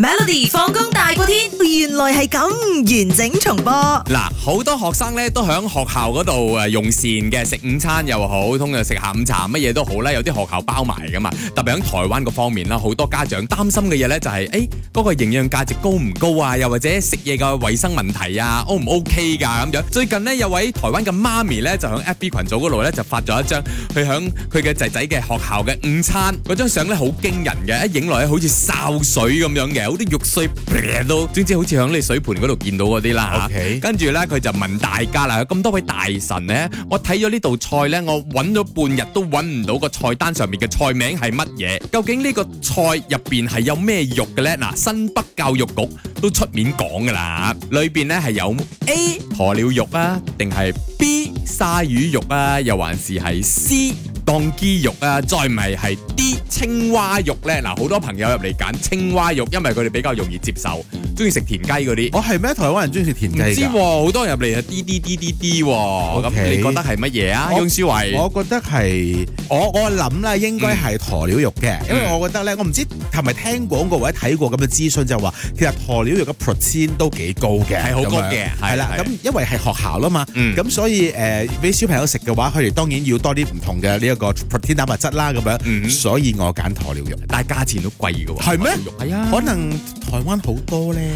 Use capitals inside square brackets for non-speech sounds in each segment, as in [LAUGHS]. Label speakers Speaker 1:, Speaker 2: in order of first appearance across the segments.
Speaker 1: Melody 放工大過天，原來係咁，完整重播。
Speaker 2: 嗱，好多學生咧都喺學校嗰度誒用膳嘅，食午餐又好，通常食下午茶乜嘢都好啦。有啲學校包埋噶嘛，特別喺台灣嗰方面啦，好多家長擔心嘅嘢咧就係誒嗰個營養價值高唔高啊，又或者食嘢嘅衛生問題啊，O 唔 OK 噶咁樣。最近呢，有位台灣嘅媽咪咧就喺 FB 群組嗰度咧就發咗一張佢響佢嘅仔仔嘅學校嘅午餐嗰張相咧好驚人嘅，一影落去好似潲水咁樣嘅。好啲肉碎，撇到，總之好似響你水盆嗰度見到嗰啲啦。跟住咧，佢就問大家啦，咁多位大神咧，我睇咗呢道菜咧，我揾咗半日都揾唔到個菜單上面嘅菜名係乜嘢？究竟呢個菜入邊係有咩肉嘅咧？嗱，新北教育局都出面講噶啦，裏邊咧係有 A 鴕鳥肉啊，定係 B 鯊魚肉啊，又還是係 C 當肌肉啊，再咪係 D？青蛙肉咧，嗱，好多朋友入嚟揀青蛙肉，因為佢哋比較容易接受，中意食田雞嗰啲。我係咩？台灣人中意食田雞？唔知，好多人入嚟呀，滴滴滴滴滴。咁你覺得係乜嘢啊？雍師偉，我
Speaker 1: 覺得係我我諗啦，應該係鴕鳥肉嘅，因為我覺得咧，我唔知係咪聽廣告或者睇過咁嘅資訊，就話其實鴕鳥肉嘅 protein 都幾高嘅，係好高嘅，係啦。咁因為係學校啦嘛，咁所以誒俾小朋友食嘅話，佢哋當然要多啲唔同嘅呢一個 protein 蛋白質啦，咁樣。嗯，所以我。我揀鴕鳥肉，但係價錢都貴㗎喎。係咩肉？係啊，可能台灣好多咧。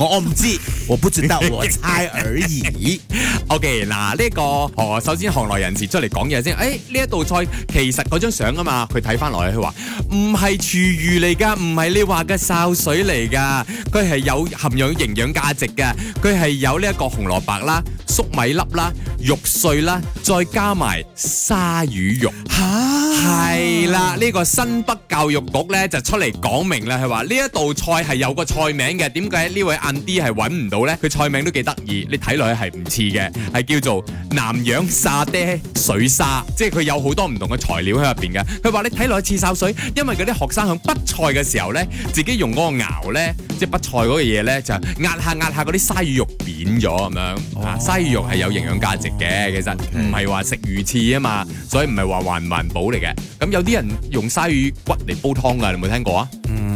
Speaker 1: 我 [LAUGHS] 我唔知，我不知道，我猜而
Speaker 2: 已。O K，嗱呢個，哦，首先行內人士出嚟講嘢先。誒，呢一道菜其實張相啊嘛，佢睇翻落去，佢話唔係廚餘嚟噶，唔係你話嘅潲水嚟噶，佢係有含養營養價值嘅，佢係有呢一個紅蘿卜啦、粟米粒啦、肉碎啦，再加埋鯊魚肉。吓、啊，係啦，呢、這個新北教育局咧就出嚟講明啦，佢話呢一道菜係有個菜名嘅，點解呢位啲係揾唔到咧，佢菜名都幾得意，你睇落去係唔似嘅，係叫做南洋沙爹水沙，即係佢有好多唔同嘅材料喺入邊嘅。佢話你睇落去似潲水，因為嗰啲學生響北菜嘅時候咧，自己用嗰個熬咧，即係北菜嗰個嘢咧，就壓下壓下嗰啲鯊魚肉扁咗咁樣。鯊魚、oh. 鯊魚肉係有營養價值嘅，其實唔係話食魚翅啊嘛，所以唔係話環唔環保嚟嘅。咁有啲人用鯊魚骨嚟煲湯噶，你有冇聽過啊？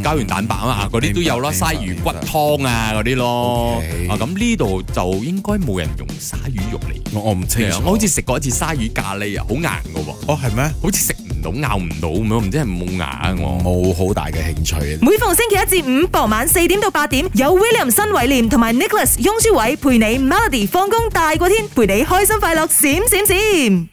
Speaker 2: 膠原蛋白啊，嗰啲都有啦，鯊魚骨湯啊嗰啲咯。Okay. 啊，咁呢度就應該冇人用鯊魚肉嚟。我我唔清楚。我好似食過一次鯊魚咖喱啊，好硬㗎喎。哦，係咩？好似食唔到，咬唔到咁樣，唔知係冇牙我、啊。冇好大嘅興趣、
Speaker 1: 啊。每逢星期一至五傍晚四點到八點，有 William 新偉廉同埋 Nicholas 雍舒偉陪你 Melody 放工大過天，陪你開心快樂閃閃閃閃。